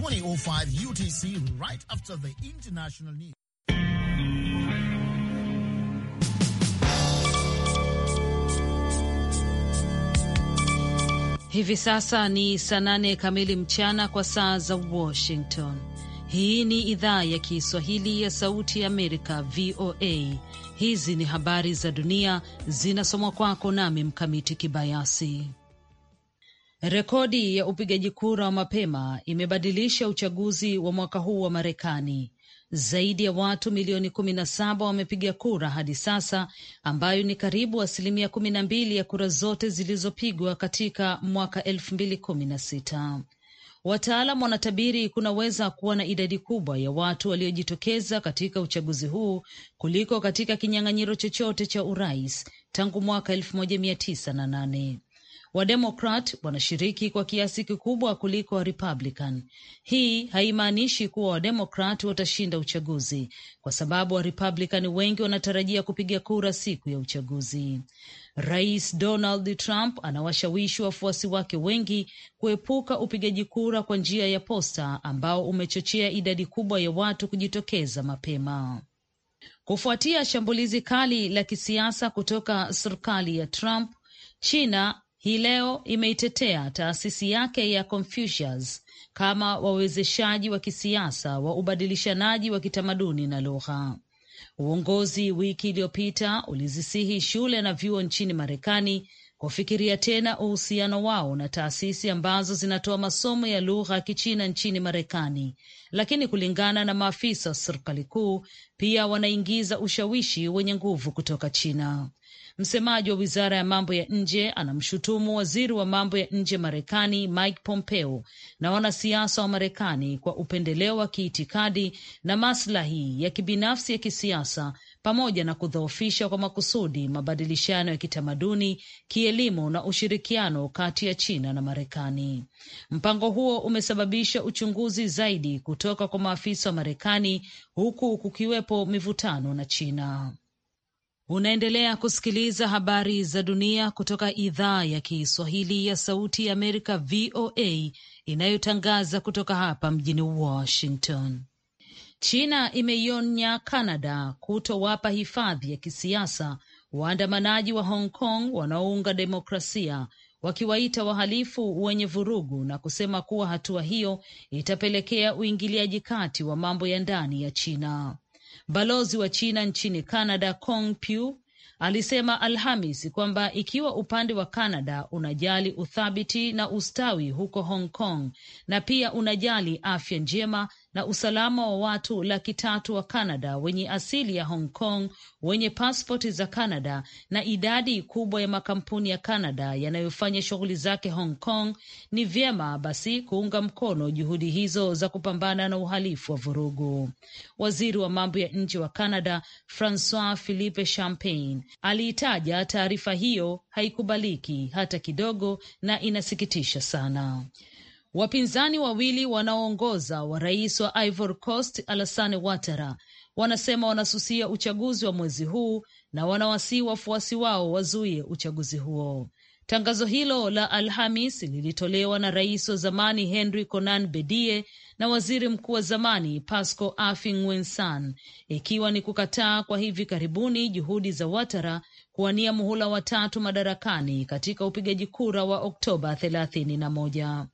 2005 UTC right after the international news. Hivi sasa ni saa nane kamili mchana kwa saa za Washington. Hii ni idhaa ya Kiswahili ya Sauti ya Amerika, VOA. Hizi ni habari za dunia zinasomwa kwako nami Mkamiti Kibayasi. Rekodi ya upigaji kura wa mapema imebadilisha uchaguzi wa mwaka huu wa Marekani. Zaidi ya watu milioni kumi na saba wamepiga kura hadi sasa, ambayo ni karibu asilimia kumi na mbili ya kura zote zilizopigwa katika mwaka elfu mbili kumi na sita. Wataalam wanatabiri kunaweza kuwa na idadi kubwa ya watu waliojitokeza katika uchaguzi huu kuliko katika kinyang'anyiro chochote cha urais tangu mwaka elfu moja mia tisa na nane. Wademokrat wanashiriki kwa kiasi kikubwa kuliko Warepublican. Hii haimaanishi kuwa Wademokrat watashinda uchaguzi, kwa sababu Warepublican wengi wanatarajia kupiga kura siku ya uchaguzi. Rais Donald Trump anawashawishi wafuasi wake wengi kuepuka upigaji kura kwa njia ya posta ambao umechochea idadi kubwa ya watu kujitokeza mapema. Kufuatia shambulizi kali la kisiasa kutoka serikali ya Trump, China hii leo imeitetea taasisi yake ya Confucius kama wawezeshaji wa kisiasa wa ubadilishanaji wa kitamaduni na lugha. Uongozi wiki iliyopita ulizisihi shule na vyuo nchini Marekani kufikiria tena uhusiano wao na taasisi ambazo zinatoa masomo ya lugha ya Kichina nchini Marekani, lakini kulingana na maafisa wa serikali kuu, pia wanaingiza ushawishi wenye nguvu kutoka China. Msemaji wa wizara ya mambo ya nje anamshutumu waziri wa mambo ya nje Marekani Mike Pompeo na wanasiasa wa Marekani kwa upendeleo wa kiitikadi na maslahi ya kibinafsi ya kisiasa pamoja na kudhoofisha kwa makusudi mabadilishano ya kitamaduni, kielimu na ushirikiano kati ya China na Marekani. Mpango huo umesababisha uchunguzi zaidi kutoka kwa maafisa wa Marekani, huku kukiwepo mivutano na China. Unaendelea kusikiliza habari za dunia kutoka idhaa ya Kiswahili ya Sauti ya Amerika, VOA, inayotangaza kutoka hapa mjini Washington. China imeionya Canada kutowapa hifadhi ya kisiasa waandamanaji wa Hong Kong wanaounga demokrasia wakiwaita wahalifu wenye vurugu na kusema kuwa hatua hiyo itapelekea uingiliaji kati wa mambo ya ndani ya China. Balozi wa China nchini Canada Kong pu alisema Alhamis kwamba ikiwa upande wa Canada unajali uthabiti na ustawi huko Hong Kong na pia unajali afya njema na usalama wa watu laki tatu wa canada wenye asili ya Hong Kong wenye paspoti za canada na idadi kubwa ya makampuni ya canada yanayofanya shughuli zake Hong Kong, ni vyema basi kuunga mkono juhudi hizo za kupambana na uhalifu wa vurugu. Waziri wa mambo ya nje wa canada Francois Philippe Champagne aliitaja taarifa hiyo haikubaliki hata kidogo na inasikitisha sana. Wapinzani wawili wanaoongoza wa rais wa Ivory Coast Alassane Ouattara wanasema wanasusia uchaguzi wa mwezi huu na wanawasii wafuasi wao wazuie uchaguzi huo. Tangazo hilo la Alhamis lilitolewa na rais wa zamani Henry Konan Bedie na waziri mkuu wa zamani pasco Affi N'Guessan, ikiwa ni kukataa kwa hivi karibuni juhudi za watara kuwania muhula watatu madarakani katika upigaji kura wa Oktoba 31.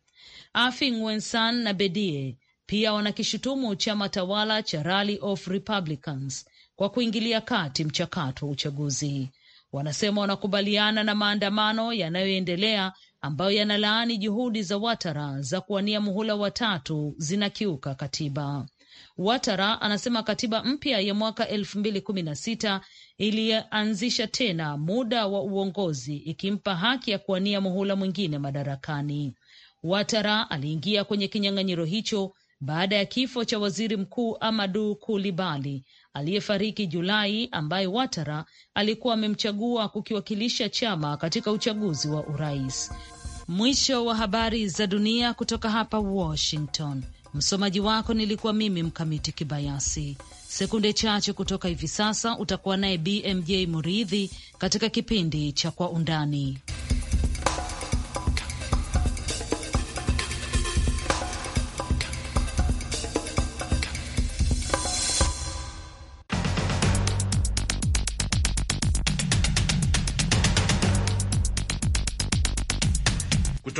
Afi Wensan na Bedie pia wanakishutumu chama tawala cha Rally of Republicans kwa kuingilia kati mchakato wa uchaguzi. Wanasema wanakubaliana na maandamano yanayoendelea ambayo yanalaani juhudi za Watara za kuwania muhula watatu zinakiuka katiba. Watara anasema katiba mpya ya mwaka elfu mbili kumi na sita ilianzisha tena muda wa uongozi ikimpa haki ya kuwania muhula mwingine madarakani. Watara aliingia kwenye kinyang'anyiro hicho baada ya kifo cha waziri mkuu Amadu Kulibali aliyefariki Julai, ambaye Watara alikuwa amemchagua kukiwakilisha chama katika uchaguzi wa urais. Mwisho wa habari za dunia kutoka hapa Washington. Msomaji wako nilikuwa mimi Mkamiti Kibayasi. Sekunde chache kutoka hivi sasa utakuwa naye BMJ Muridhi katika kipindi cha Kwa Undani.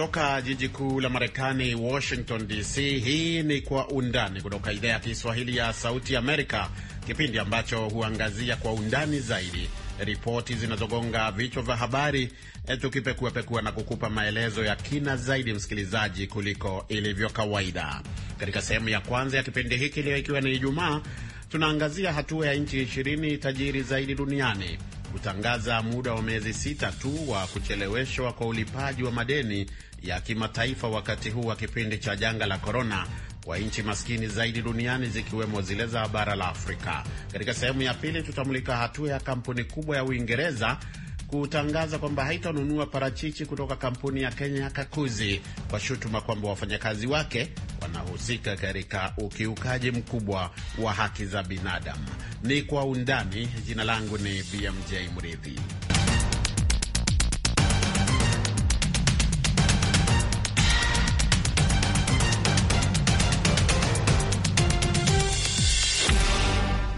Kutoka jiji kuu la Marekani, Washington DC. Hii ni Kwa Undani kutoka idhaa ya Kiswahili ya Sauti Amerika, kipindi ambacho huangazia kwa undani zaidi ripoti zinazogonga vichwa vya habari, e, tukipekuapekua na kukupa maelezo ya kina zaidi, msikilizaji, kuliko ilivyo kawaida. Katika sehemu ya kwanza ya kipindi hiki leo, ikiwa ni Ijumaa, tunaangazia hatua ya nchi ishirini tajiri zaidi duniani kutangaza muda wa miezi sita tu wa kucheleweshwa kwa ulipaji wa madeni ya kimataifa wakati huu wa kipindi cha janga la korona kwa nchi maskini zaidi duniani zikiwemo zile za bara la Afrika. Katika sehemu ya pili, tutamulika hatua ya kampuni kubwa ya Uingereza kutangaza kwamba haitanunua parachichi kutoka kampuni ya Kenya ya Kakuzi kwa shutuma kwamba wafanyakazi wake wanahusika katika ukiukaji mkubwa wa haki za binadamu. Ni kwa undani. Jina langu ni BMJ Mridhi.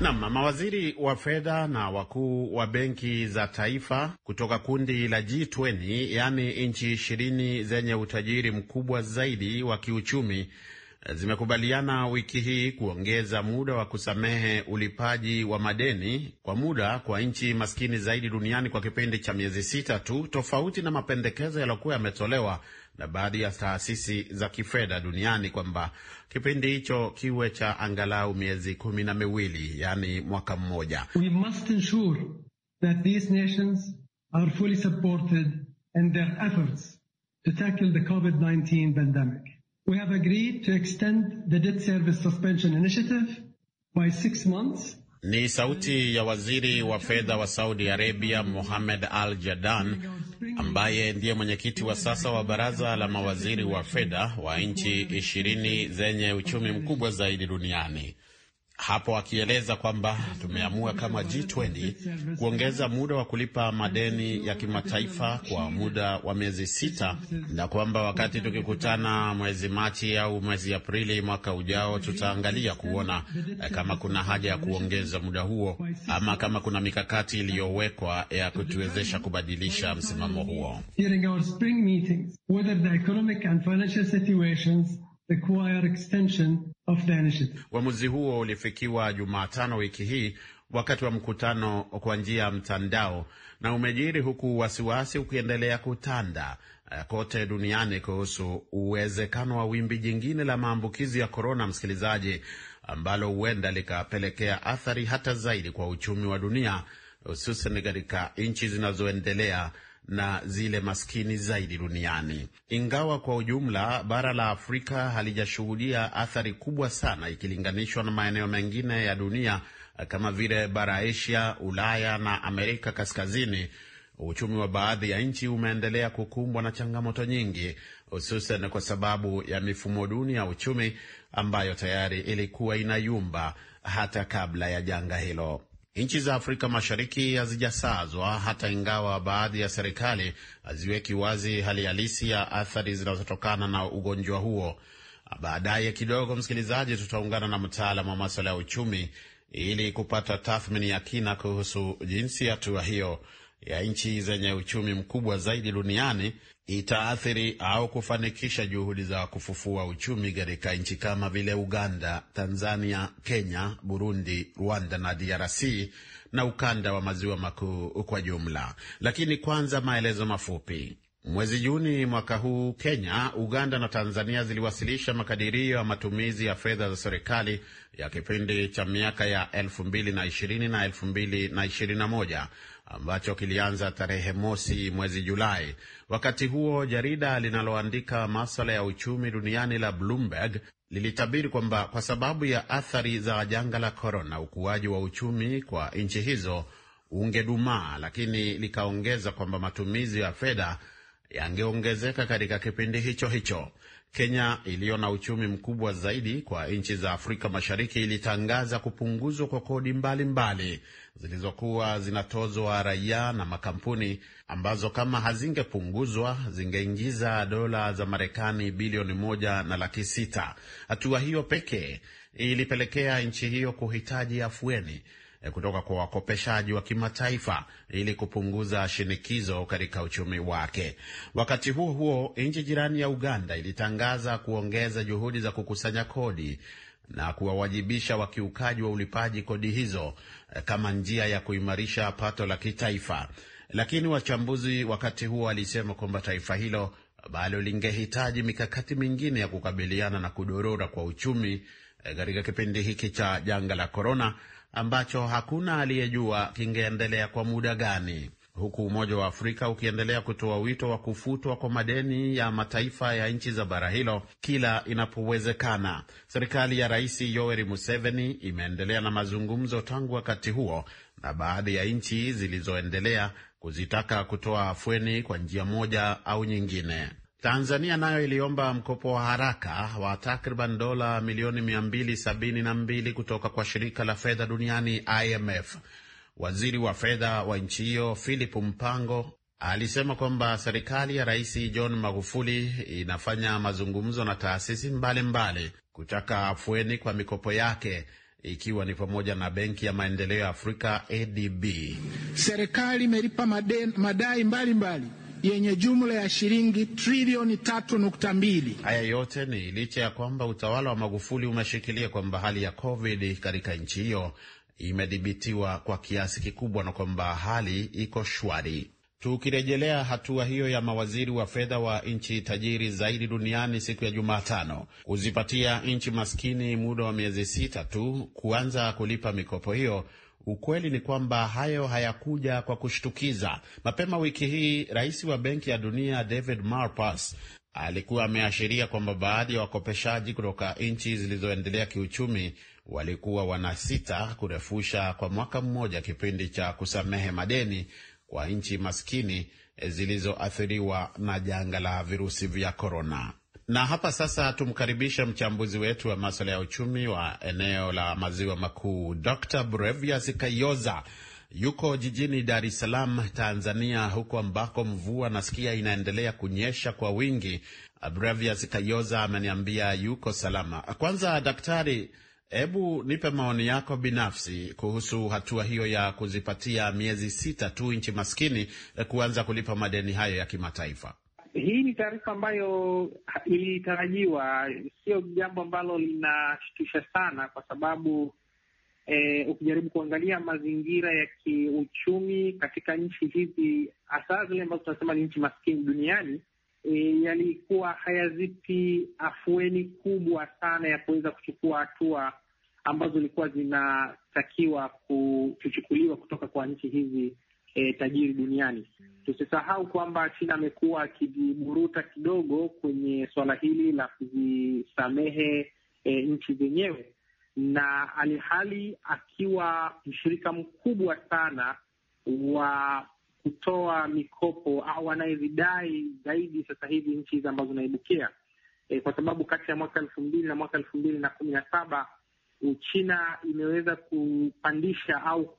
Nam, mawaziri wa fedha na wakuu wa benki za taifa kutoka kundi la G20, yaani nchi ishirini zenye utajiri mkubwa zaidi wa kiuchumi zimekubaliana wiki hii kuongeza muda wa kusamehe ulipaji wa madeni kwa muda kwa nchi maskini zaidi duniani kwa kipindi cha miezi sita tu, tofauti na mapendekezo yaliyokuwa yametolewa na baadhi ya taasisi za kifedha duniani kwamba kipindi hicho kiwe cha angalau miezi kumi na miwili, yaani mwaka mmoja. We must ensure that these nations are fully supported in their efforts to tackle the COVID-19 pandemic we have agreed to extend the debt service suspension initiative by six months. Ni sauti ya waziri wa fedha wa Saudi Arabia Mohamed Al Jadan ambaye ndiye mwenyekiti wa sasa wa baraza la mawaziri wa fedha wa nchi ishirini zenye uchumi mkubwa zaidi duniani hapo akieleza kwamba tumeamua kama G20 kuongeza muda wa kulipa madeni ya kimataifa kwa muda wa miezi sita, na kwamba wakati tukikutana mwezi Machi au mwezi Aprili mwaka ujao tutaangalia kuona eh, kama kuna haja ya kuongeza muda huo ama kama kuna mikakati iliyowekwa ya kutuwezesha kubadilisha msimamo huo. meetings, Uamuzi huo ulifikiwa Jumatano wiki hii wakati wa mkutano kwa njia ya mtandao na umejiri huku wasiwasi ukiendelea kutanda eh, kote duniani kuhusu uwezekano wa wimbi jingine la maambukizi ya korona, msikilizaji, ambalo huenda likapelekea athari hata zaidi kwa uchumi wa dunia, hususan katika nchi zinazoendelea na zile maskini zaidi duniani. Ingawa kwa ujumla bara la Afrika halijashuhudia athari kubwa sana ikilinganishwa na maeneo mengine ya dunia kama vile bara Asia, Ulaya na Amerika Kaskazini, uchumi wa baadhi ya nchi umeendelea kukumbwa na changamoto nyingi, hususan kwa sababu ya mifumo duni ya uchumi ambayo tayari ilikuwa inayumba hata kabla ya janga hilo. Nchi za Afrika Mashariki hazijasazwa hata ingawa baadhi ya serikali haziweki wazi hali halisi ya athari zinazotokana na ugonjwa huo. Baadaye kidogo, msikilizaji, tutaungana na mtaalamu wa maswala ya uchumi ili kupata tathmini ya kina kuhusu jinsi hatua hiyo ya nchi zenye uchumi mkubwa zaidi duniani itaathiri au kufanikisha juhudi za kufufua uchumi katika nchi kama vile Uganda, Tanzania, Kenya, Burundi, Rwanda na DRC na ukanda wa maziwa makuu kwa jumla. Lakini kwanza maelezo mafupi. Mwezi Juni mwaka huu, Kenya, Uganda na Tanzania ziliwasilisha makadirio ya matumizi ya fedha za serikali ya kipindi cha miaka ya 2020 na 2021 ambacho kilianza tarehe mosi mwezi Julai. Wakati huo jarida linaloandika maswala ya uchumi duniani la Bloomberg lilitabiri kwamba kwa sababu ya athari za janga la korona, ukuaji wa uchumi kwa nchi hizo ungedumaa, lakini likaongeza kwamba matumizi ya fedha yangeongezeka katika kipindi hicho hicho. Kenya iliyo na uchumi mkubwa zaidi kwa nchi za Afrika Mashariki ilitangaza kupunguzwa kwa kodi mbalimbali mbali zilizokuwa zinatozwa raia na makampuni ambazo kama hazingepunguzwa zingeingiza dola za Marekani bilioni moja na laki sita. Hatua hiyo pekee ilipelekea nchi hiyo kuhitaji afueni eh, kutoka kwa wakopeshaji wa kimataifa ili kupunguza shinikizo katika uchumi wake. Wakati huo huo, nchi jirani ya Uganda ilitangaza kuongeza juhudi za kukusanya kodi na kuwawajibisha wakiukaji wa ulipaji kodi hizo eh, kama njia ya kuimarisha pato la kitaifa. Lakini wachambuzi wakati huo walisema kwamba taifa hilo bado lingehitaji mikakati mingine ya kukabiliana na kudorora kwa uchumi eh, katika kipindi hiki cha janga la korona ambacho hakuna aliyejua kingeendelea kwa muda gani huku Umoja wa Afrika ukiendelea kutoa wito wa kufutwa kwa madeni ya mataifa ya nchi za bara hilo kila inapowezekana. Serikali ya Rais Yoweri Museveni imeendelea na mazungumzo tangu wakati huo na baadhi ya nchi zilizoendelea kuzitaka kutoa afweni kwa njia moja au nyingine. Tanzania nayo iliomba mkopo wa haraka wa takriban dola milioni 272 kutoka kwa shirika la fedha duniani IMF. Waziri wa fedha wa nchi hiyo Philip Mpango alisema kwamba serikali ya Rais John Magufuli inafanya mazungumzo na taasisi mbalimbali mbali kutaka afueni kwa mikopo yake ikiwa ni pamoja na Benki ya Maendeleo ya Afrika ADB. Serikali imelipa madai mbalimbali mbali yenye jumla ya shilingi trilioni tatu nukta mbili. Haya yote ni licha ya kwamba utawala wa Magufuli umeshikilia kwamba hali ya COVID katika nchi hiyo imedhibitiwa kwa kiasi kikubwa na kwamba hali iko shwari. Tukirejelea hatua hiyo ya mawaziri wa fedha wa nchi tajiri zaidi duniani siku ya Jumatano kuzipatia nchi maskini muda wa miezi sita tu kuanza kulipa mikopo hiyo, ukweli ni kwamba hayo hayakuja kwa kushtukiza. Mapema wiki hii, rais wa Benki ya Dunia David Malpass alikuwa ameashiria kwamba baadhi ya wakopeshaji kutoka nchi zilizoendelea kiuchumi walikuwa wanasita kurefusha kwa mwaka mmoja kipindi cha kusamehe madeni kwa nchi maskini e, zilizoathiriwa na janga la virusi vya korona. Na hapa sasa tumkaribishe mchambuzi wetu wa maswala ya uchumi wa eneo la maziwa makuu Dr. Brevias Kayoza yuko jijini Dar es Salaam, Tanzania, huko ambako mvua nasikia inaendelea kunyesha kwa wingi. Brevias Kayoza ameniambia yuko salama. Kwanza daktari Hebu nipe maoni yako binafsi kuhusu hatua hiyo ya kuzipatia miezi sita tu nchi maskini eh, kuanza kulipa madeni hayo ya kimataifa. Hii ni taarifa ambayo ilitarajiwa, sio jambo ambalo linashtusha sana, kwa sababu eh, ukijaribu kuangalia mazingira ya kiuchumi katika nchi hizi, hasa zile ambazo tunasema ni nchi maskini duniani e, yalikuwa hayazipi afueni kubwa sana ya kuweza kuchukua hatua ambazo zilikuwa zinatakiwa kuchukuliwa kutoka kwa nchi hizi e, tajiri duniani. Tusisahau kwamba China amekuwa akijiburuta kidogo kwenye suala hili la kuzisamehe e, nchi zenyewe, na alihali akiwa mshirika mkubwa sana wa kutoa mikopo au anayevidai zaidi sasa hivi nchi hizi ambazo zinaibukia e, kwa sababu kati ya mwaka elfu mbili na mwaka elfu mbili na kumi na saba Uchina imeweza kupandisha au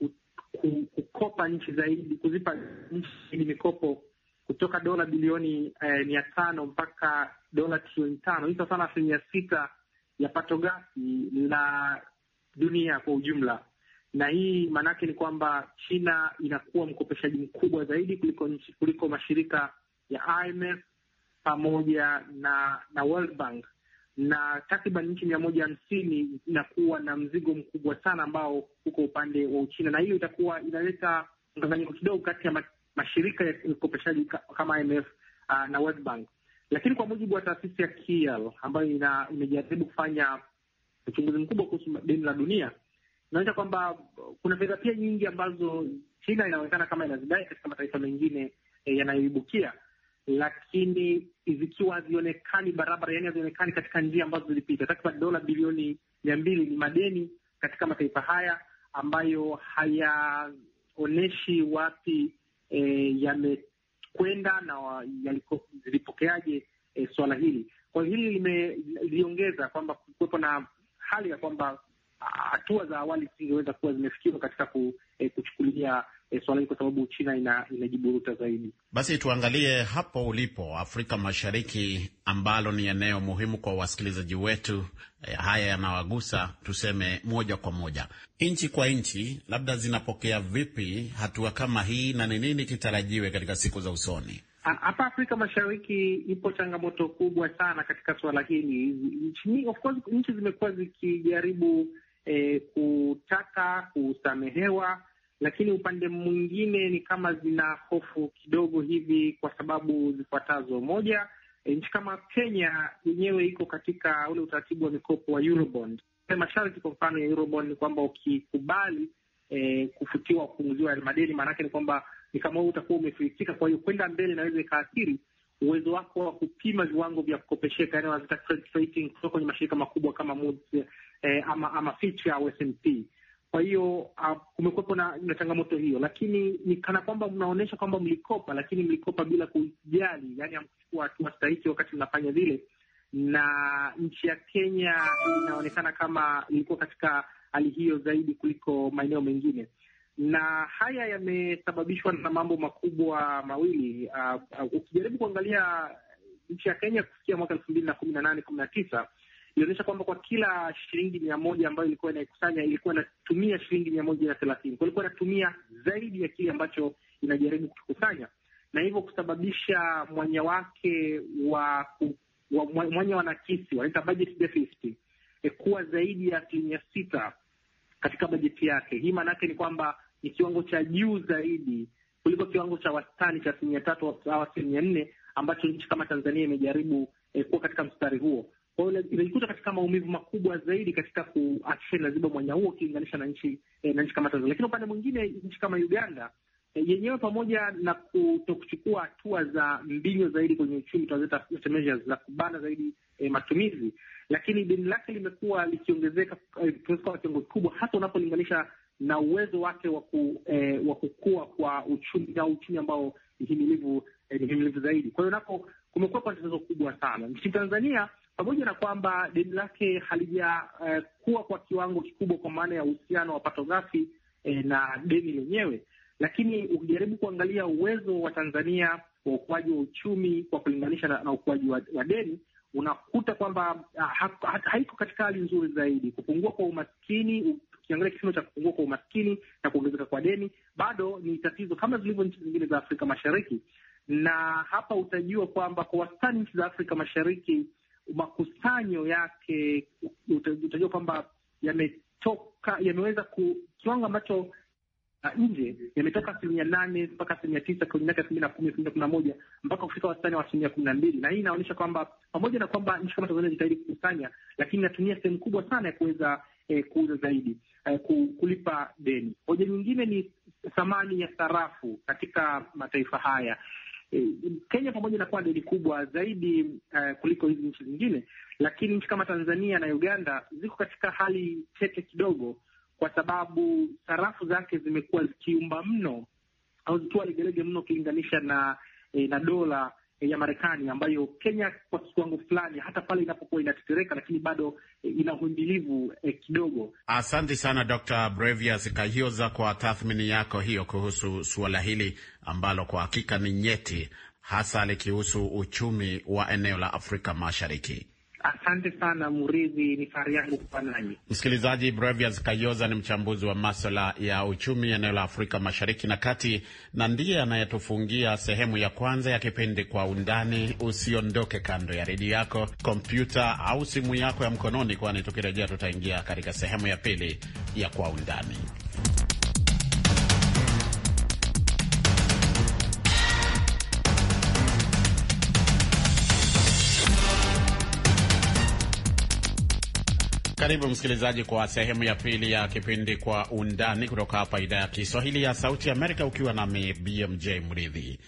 kukopa nchi zaidi kuzipa nchi zaidi mikopo kutoka dola bilioni eh, mia tano mpaka dola trilioni tano hii sawa sana asilimia sita ya pato ghafi la dunia kwa ujumla na hii maanake ni kwamba China inakuwa mkopeshaji mkubwa zaidi kuliko nchi, kuliko mashirika ya IMF pamoja na na World Bank, na takriban nchi mia moja hamsini inakuwa na mzigo mkubwa sana ambao uko upande wa Uchina, na hiyo itakuwa inaleta mkanganyiko kidogo kati ya mashirika ya ukopeshaji kama IMF uh, ah, na World Bank. Lakini kwa mujibu wa taasisi ya Kiel ambayo imejaribu kufanya uchunguzi mkubwa kuhusu deni la dunia Naonyesha kwamba kuna fedha pia nyingi ambazo China inaonekana kama inazidai katika mataifa mengine e, yanayoibukia, lakini zikiwa hazionekani barabara, yani hazionekani katika njia ambazo zilipita. Takriban dola bilioni mia mbili ni madeni katika mataifa haya ambayo hayaoneshi wapi e, yamekwenda na zilipokeaje e, swala hili. Kwa hiyo hili limeliongeza kwamba kuwepo na hali ya kwamba hatua za awali zingeweza kuwa zimefikiwa katika ku, eh, kuchukulia eh, swala hili, kwa sababu China ina, inajiburuta zaidi. Basi tuangalie hapo ulipo Afrika Mashariki, ambalo ni eneo muhimu kwa wasikilizaji wetu. Eh, haya yanawagusa, tuseme moja kwa moja, nchi kwa nchi, labda zinapokea vipi hatua kama hii na ni nini kitarajiwe katika siku za usoni? Hapa Afrika Mashariki ipo changamoto kubwa sana katika swala hili. Of course nchi zimekuwa zikijaribu e, kutaka kusamehewa, lakini upande mwingine ni kama zina hofu kidogo hivi kwa sababu zifuatazo. Moja, e, nchi kama Kenya yenyewe iko katika ule utaratibu wa mikopo wa Eurobond. Masharti kwa mfano ya Eurobond ni kwamba ukikubali e, kufutiwa kupunguziwa madeni, maanake ni kwamba ni kama wewe utakuwa umefilisika, kwa hiyo kwenda mbele inaweza ikaathiri uwezo wako wa kupima viwango vya kukopesheka, yani wanaita credit rating kutoka kwenye mashirika makubwa kama Moody's eh, ama ama feature au SMT. Kwa hiyo uh, kumekuwepo na, na changamoto hiyo, lakini ni kana kwamba mnaonyesha kwamba mlikopa, lakini mlikopa bila kujali, yani hamkuchukua hatua stahiki wakati mnafanya vile, na nchi ya Kenya inaonekana kama ilikuwa katika hali hiyo zaidi kuliko maeneo mengine na haya yamesababishwa na mambo makubwa mawili. Uh, uh, ukijaribu kuangalia nchi ya Kenya kufikia mwaka elfu mbili na kumi na nane kumi na tisa ilionyesha kwamba kwa kila shilingi mia moja ambayo ilikuwa inaikusanya ilikuwa inatumia shilingi mia moja na thelathini kwa ilikuwa inatumia zaidi ya kile ambacho inajaribu kukusanya na hivyo kusababisha mwanya wake wa, wa mwanya wa nakisi wanaita budget deficit eh, kuwa zaidi ya asilimia sita katika bajeti yake. Hii maana yake ni kwamba ni kiwango cha juu zaidi kuliko kiwango cha wastani cha asilimia tatu au asilimia nne ambacho nchi kama Tanzania imejaribu eh, kuwa katika mstari huo. Kwa hiyo inajikuta katika maumivu makubwa zaidi katika kuakisheni lazima mwanya huo ukilinganisha na nchi eh, na nchi kama Tanzania. Lakini upande mwingine nchi kama Uganda eh, yenyewe pamoja na kutokuchukua hatua za mbinyo zaidi kwenye uchumi tunazoita za kubana zaidi eh, matumizi, lakini deni lake limekuwa likiongezeka eh, kwa kiwango kikubwa, hata unapolinganisha na uwezo wake wa waku, eh, kukua kwa uchumi au uchumi ambao ni himilivu eh, zaidi. Kwa hiyo napo kumekuwa kwa tatizo kubwa sana nchini Tanzania pamoja na kwamba deni lake halijakuwa uh, kwa kiwango kikubwa kwa maana ya uhusiano wa pato ghafi eh, na deni lenyewe, lakini ukijaribu kuangalia uwezo wa Tanzania wa ukuaji wa uchumi kwa kulinganisha na, na ukuaji wa, wa deni unakuta kwamba ha, ah, ha, haiko katika hali nzuri zaidi. Kupungua kwa umaskini, ukiangalia kipimo cha kupungua kwa umaskini na kuongezeka kwa deni bado ni tatizo kama zilivyo nchi zingine za Afrika Mashariki, na hapa utajua kwamba kwa wastani nchi za Afrika Mashariki makusanyo yake utajua kwamba yametoka yameweza ku kiwango ambacho uh, nje yametoka asilimia nane mpaka asilimia tisa kwenye miaka elfu mbili na kumi elfu mbili na kumi na moja mpaka kufika wastani wa asilimia kumi na mbili na hii inaonyesha kwamba pamoja na kwamba nchi kama Tanzania jitahidi kukusanya, lakini inatumia sehemu kubwa sana ya kuweza eh, kuuza zaidi eh, kulipa deni. Hoja nyingine ni thamani ya sarafu katika mataifa haya Kenya pamoja na kuwa deni kubwa zaidi uh, kuliko hizi nchi zingine, lakini nchi kama Tanzania na Uganda ziko katika hali tete kidogo, kwa sababu sarafu zake zimekuwa zikiumba mno au zikiwa legelege mno ukilinganisha na eh, na dola Eh, ya Marekani ambayo Kenya kwa kiwango fulani hata pale inapokuwa inatetereka, lakini bado eh, ina uhimbilivu eh, kidogo. Asante sana Dr. Brevias Kahioza kwa tathmini yako hiyo kuhusu suala hili ambalo kwa hakika ni nyeti, hasa likihusu uchumi wa eneo la Afrika Mashariki. Asante sana Muridhi, ni fahari yangu kuwa nanyi msikilizaji. Brevias Kayoza ni mchambuzi wa maswala ya uchumi eneo la Afrika Mashariki na Kati, na ndiye anayetufungia sehemu ya kwanza ya kipindi Kwa Undani. Usiondoke kando ya redio yako, kompyuta au simu yako ya mkononi, kwani tukirejea tutaingia katika sehemu ya pili ya Kwa Undani. Karibu msikilizaji, kwa sehemu ya pili ya kipindi Kwa Undani kutoka hapa idhaa ya Kiswahili ya Sauti Amerika, ukiwa nami BMJ Mridhi.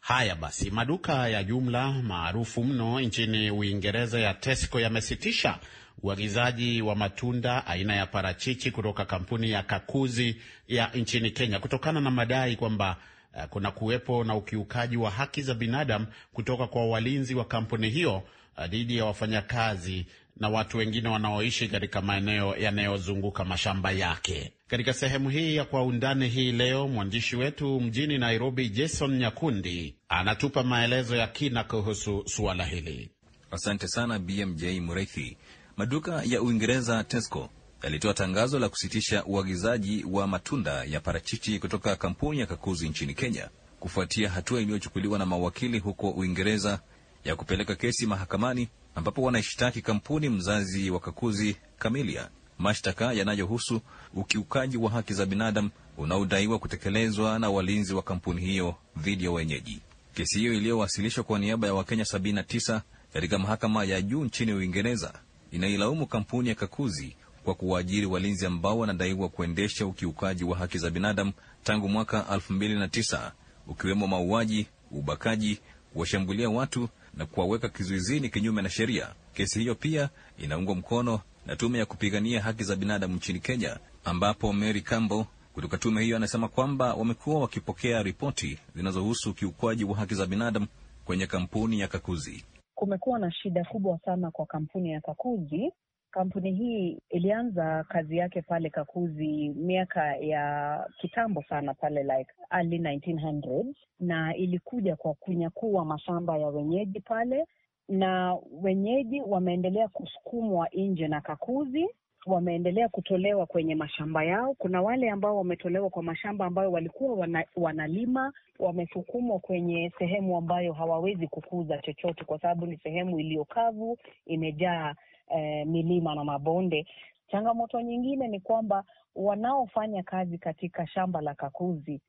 Haya basi, maduka ya jumla maarufu mno nchini Uingereza ya Tesco yamesitisha uagizaji wa matunda aina ya parachichi kutoka kampuni ya Kakuzi ya nchini Kenya kutokana na madai kwamba eh, kuna kuwepo na ukiukaji wa haki za binadamu kutoka kwa walinzi wa kampuni hiyo Uh, dhidi ya wafanyakazi na watu wengine wanaoishi katika maeneo yanayozunguka mashamba yake. Katika sehemu hii ya kwa undani hii leo, mwandishi wetu mjini Nairobi, Jason Nyakundi, anatupa maelezo ya kina kuhusu suala hili. Asante sana BMJ Mreithi. Maduka ya Uingereza Tesco yalitoa tangazo la kusitisha uagizaji wa matunda ya parachichi kutoka kampuni ya Kakuzi nchini Kenya kufuatia hatua iliyochukuliwa na mawakili huko Uingereza ya kupeleka kesi mahakamani ambapo wanaishtaki kampuni mzazi wa Kakuzi Kamilia, mashtaka yanayohusu ukiukaji wa haki za binadamu unaodaiwa kutekelezwa na walinzi wa kampuni hiyo dhidi ya wenyeji. Kesi hiyo iliyowasilishwa kwa niaba ya Wakenya 79 katika mahakama ya juu nchini Uingereza inailaumu kampuni ya Kakuzi kwa kuwaajiri walinzi ambao wanadaiwa kuendesha ukiukaji wa haki za binadamu tangu mwaka 2009 ukiwemo mauaji, ubakaji, kuwashambulia watu na kuwaweka kizuizini kinyume na sheria. Kesi hiyo pia inaungwa mkono na tume ya kupigania haki za binadamu nchini Kenya, ambapo Mary Kambo kutoka tume hiyo anasema kwamba wamekuwa wakipokea ripoti zinazohusu ukiukwaji wa haki za binadamu kwenye kampuni ya Kakuzi. Kumekuwa na shida kubwa sana kwa kampuni ya Kakuzi Kampuni hii ilianza kazi yake pale Kakuzi miaka ya kitambo sana, pale like early 1900 na ilikuja kwa kunyakua mashamba ya wenyeji pale, na wenyeji wameendelea kusukumwa nje na Kakuzi wameendelea kutolewa kwenye mashamba yao. Kuna wale ambao wametolewa kwa mashamba ambayo walikuwa wana, wanalima wamesukumwa kwenye sehemu ambayo hawawezi kukuza chochote, kwa sababu ni sehemu iliyokavu, imejaa eh, milima na mabonde. Changamoto nyingine ni kwamba wanaofanya kazi katika shamba la kakuzi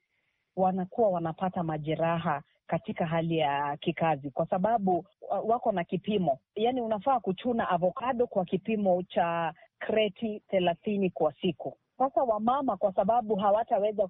wanakuwa wanapata majeraha katika hali ya kikazi, kwa sababu wako na kipimo, yaani unafaa kuchuna avokado kwa kipimo cha kreti thelathini kwa siku. Sasa wamama kwa sababu hawataweza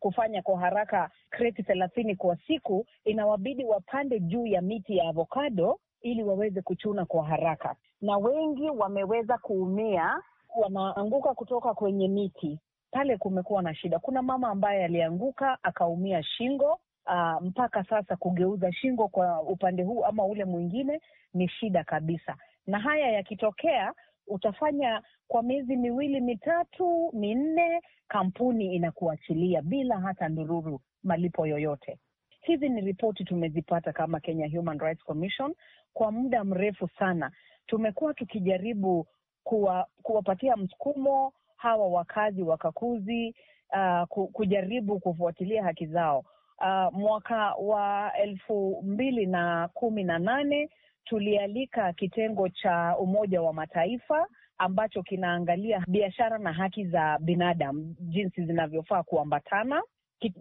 kufanya kwa haraka kreti thelathini kwa siku, inawabidi wapande juu ya miti ya avokado ili waweze kuchuna kwa haraka na wengi wameweza kuumia, wanaanguka kutoka kwenye miti. Pale kumekuwa na shida. Kuna mama ambaye alianguka akaumia shingo. Uh, mpaka sasa kugeuza shingo kwa upande huu ama ule mwingine ni shida kabisa, na haya yakitokea utafanya kwa miezi miwili mitatu minne, kampuni inakuachilia bila hata ndururu malipo yoyote. Hizi ni ripoti tumezipata kama Kenya Human Rights Commission kwa muda mrefu sana, tumekuwa tukijaribu kuwa, kuwapatia msukumo hawa wakazi wa Kakuzi uh, kujaribu kufuatilia haki zao. Uh, mwaka wa elfu mbili na kumi na nane tulialika kitengo cha Umoja wa Mataifa ambacho kinaangalia biashara na haki za binadamu jinsi zinavyofaa kuambatana.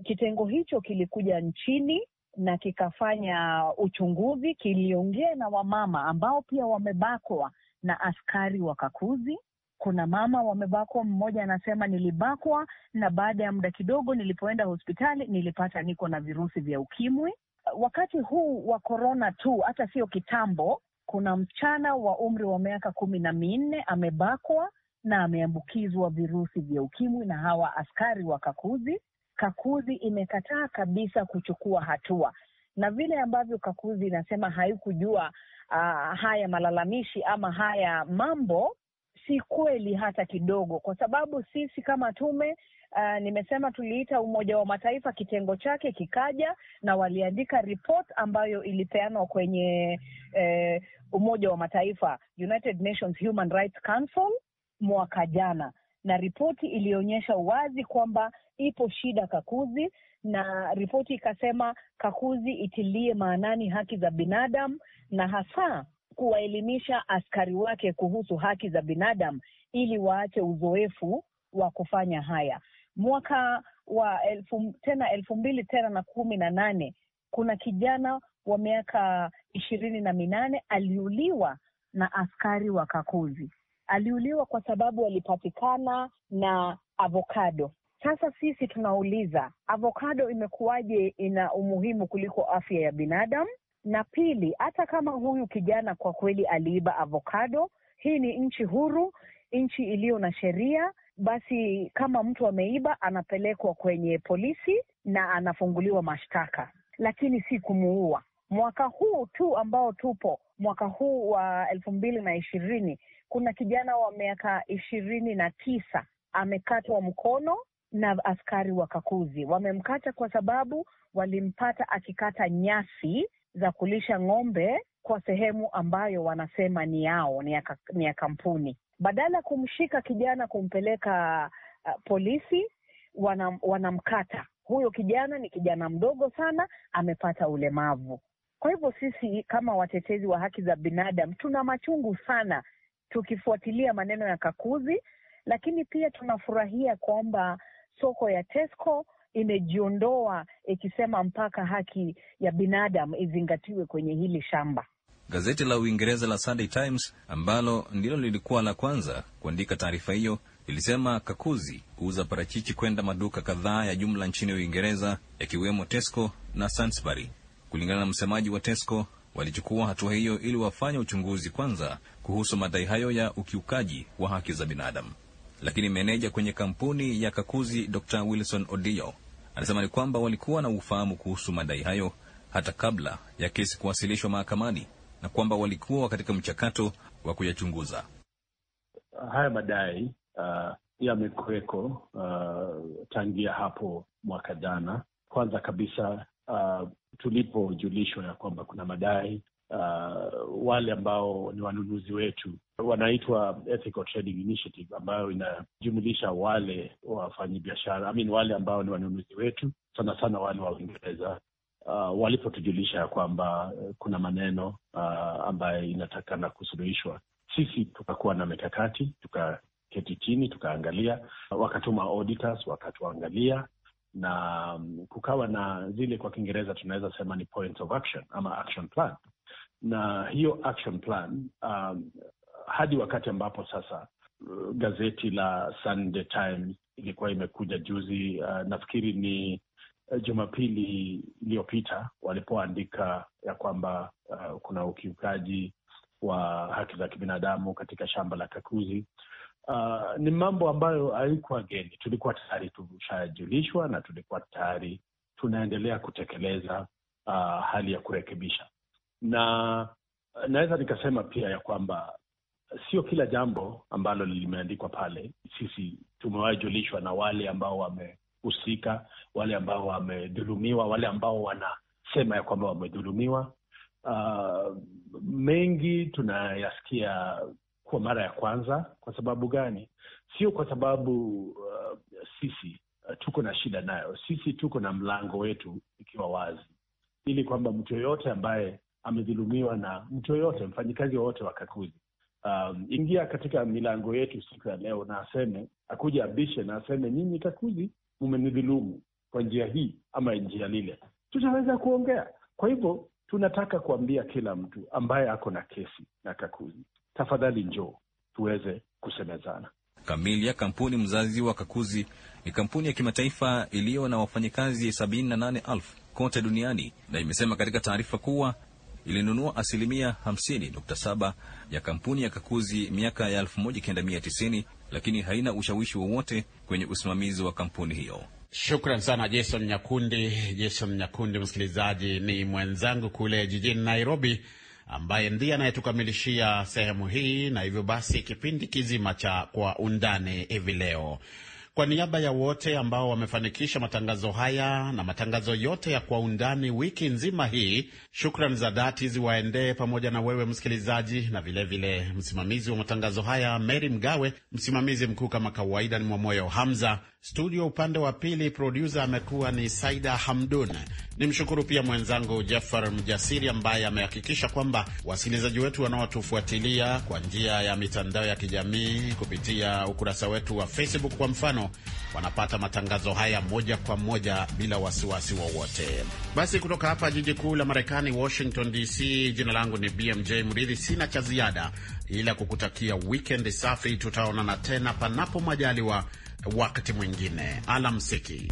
Kitengo hicho kilikuja nchini na kikafanya uchunguzi, kiliongea na wamama ambao pia wamebakwa na askari wakakuzi. Kuna mama wamebakwa, mmoja anasema nilibakwa, na baada ya muda kidogo nilipoenda hospitali nilipata niko na virusi vya ukimwi. Wakati huu wa korona tu, hata sio kitambo, kuna msichana wa umri wa miaka kumi na minne amebakwa na ameambukizwa virusi vya ukimwi na hawa askari wakakuzi. Kakuzi imekataa kabisa kuchukua hatua, na vile ambavyo Kakuzi inasema haikujua uh, haya malalamishi ama haya mambo si kweli hata kidogo, kwa sababu sisi kama tume uh, nimesema tuliita Umoja wa Mataifa kitengo chake kikaja na waliandika ripot ambayo ilipeanwa kwenye eh, Umoja wa Mataifa United Nations Human Rights Council mwaka jana na ripoti ilionyesha wazi kwamba ipo shida Kakuzi, na ripoti ikasema Kakuzi itilie maanani haki za binadamu na hasa kuwaelimisha askari wake kuhusu haki za binadamu ili waache uzoefu wa kufanya haya. Mwaka wa elfu, tena elfu mbili tena na kumi na nane kuna kijana wa miaka ishirini na minane aliuliwa na askari wa Kakuzi aliuliwa kwa sababu alipatikana na avocado. Sasa sisi tunauliza avocado imekuwaje ina umuhimu kuliko afya ya binadamu? Na pili, hata kama huyu kijana kwa kweli aliiba avocado, hii ni nchi huru, nchi iliyo na sheria, basi kama mtu ameiba anapelekwa kwenye polisi na anafunguliwa mashtaka, lakini si kumuua. Mwaka huu tu ambao tupo mwaka huu wa elfu mbili na ishirini kuna kijana wa miaka ishirini na tisa amekatwa mkono na askari wakakuzi. Wamemkata kwa sababu walimpata akikata nyasi za kulisha ng'ombe kwa sehemu ambayo wanasema ni yao, ni ya, ni ya kampuni. Badala ya kumshika kijana kumpeleka uh, polisi, wanam, wanamkata huyo kijana. Ni kijana mdogo sana, amepata ulemavu. Kwa hivyo sisi kama watetezi wa haki za binadamu tuna machungu sana tukifuatilia maneno ya Kakuzi, lakini pia tunafurahia kwamba soko ya Tesco imejiondoa ikisema mpaka haki ya binadamu izingatiwe kwenye hili shamba. Gazeti la Uingereza la Sunday Times ambalo ndilo lilikuwa la kwanza kuandika taarifa hiyo lilisema Kakuzi huuza parachichi kwenda maduka kadhaa ya jumla nchini Uingereza yakiwemo Tesco na Sainsbury. Kulingana na msemaji wa Tesco, walichukua hatua hiyo ili wafanye uchunguzi kwanza kuhusu madai hayo ya ukiukaji wa haki za binadamu. Lakini meneja kwenye kampuni ya Kakuzi, Dr Wilson Odio, anasema ni kwamba walikuwa na ufahamu kuhusu madai hayo hata kabla ya kesi kuwasilishwa mahakamani na kwamba walikuwa katika mchakato wa kuyachunguza haya madai. Uh, yamekuweko uh, tangia hapo mwaka jana. Kwanza kabisa uh, tulipojulishwa ya kwamba kuna madai uh, wale ambao ni wanunuzi wetu wanaitwa Ethical Trading Initiative ambayo inajumulisha wale wafanyabiashara I mean, wale ambao ni wanunuzi wetu sana sana wale wa Uingereza uh, walipotujulisha ya kwamba kuna maneno uh, ambayo inatakana kusuluhishwa, sisi tukakuwa na mikakati, tukaketi chini, tukaangalia, wakatuma auditors wakatuangalia na um, kukawa na zile kwa Kiingereza tunaweza sema ni points of action ama action plan, na hiyo action plan um, hadi wakati ambapo sasa uh, gazeti la Sunday Times ilikuwa imekuja juzi uh, nafikiri ni uh, Jumapili iliyopita walipoandika ya kwamba uh, kuna ukiukaji wa haki za kibinadamu katika shamba la Kakuzi uh, ni mambo ambayo haikuwa geni, tulikuwa tayari tushajulishwa na tulikuwa tayari tunaendelea kutekeleza uh, hali ya kurekebisha, na uh, naweza nikasema pia ya kwamba sio kila jambo ambalo limeandikwa pale sisi tumewajulishwa na wale ambao wamehusika, wale ambao wamedhulumiwa, wale ambao wanasema ya kwamba wamedhulumiwa. Uh, mengi tunayasikia kwa mara ya kwanza. Kwa sababu gani? Sio kwa sababu uh, sisi uh, tuko na shida nayo, sisi tuko na mlango wetu ikiwa wazi, ili kwamba mtu yoyote ambaye amedhulumiwa na mtu yoyote, mfanyikazi wowote wa Kakuzi um, ingia katika milango yetu siku ya leo na aseme, akuja abishe na aseme, nyinyi Kakuzi mmenidhulumu kwa njia hii ama njia lile, tutaweza kuongea. Kwa hivyo tunataka kuambia kila mtu ambaye ako na kesi na Kakuzi tafadhali njoo tuweze kusemezana. Kamili ya kampuni mzazi wa Kakuzi ni kampuni ya kimataifa iliyo na wafanyakazi 78,000 kote duniani na imesema katika taarifa kuwa ilinunua asilimia 50.7 ya kampuni ya Kakuzi miaka ya 1990 lakini haina ushawishi wowote kwenye usimamizi wa kampuni hiyo. Shukran sana Jason Nyakundi. Jason Nyakundi, msikilizaji, ni mwenzangu kule jijini Nairobi ambaye ndiye anayetukamilishia sehemu hii na hivyo basi kipindi kizima cha Kwa Undani hivi leo. Kwa niaba ya wote ambao wamefanikisha matangazo haya na matangazo yote ya Kwa Undani wiki nzima hii, shukrani za dhati ziwaendee pamoja na wewe msikilizaji, na vilevile vile msimamizi wa matangazo haya Mary Mgawe, msimamizi mkuu kama kawaida ni Mwamoyo Hamza, studio upande wa pili, produsa amekuwa ni Saida Hamdun. Nimshukuru pia mwenzangu Jafar Mjasiri ambaye amehakikisha kwamba wasikilizaji wetu wanaotufuatilia kwa njia ya mitandao ya kijamii kupitia ukurasa wetu wa Facebook kwa mfano, wanapata matangazo haya moja kwa moja bila wasiwasi wowote wa basi. Kutoka hapa jiji kuu la Marekani, Washington DC, jina langu ni BMJ Mridhi. Sina cha ziada ila kukutakia wikendi safi. Tutaonana tena panapo majaliwa wakati mwingine. Alamsiki.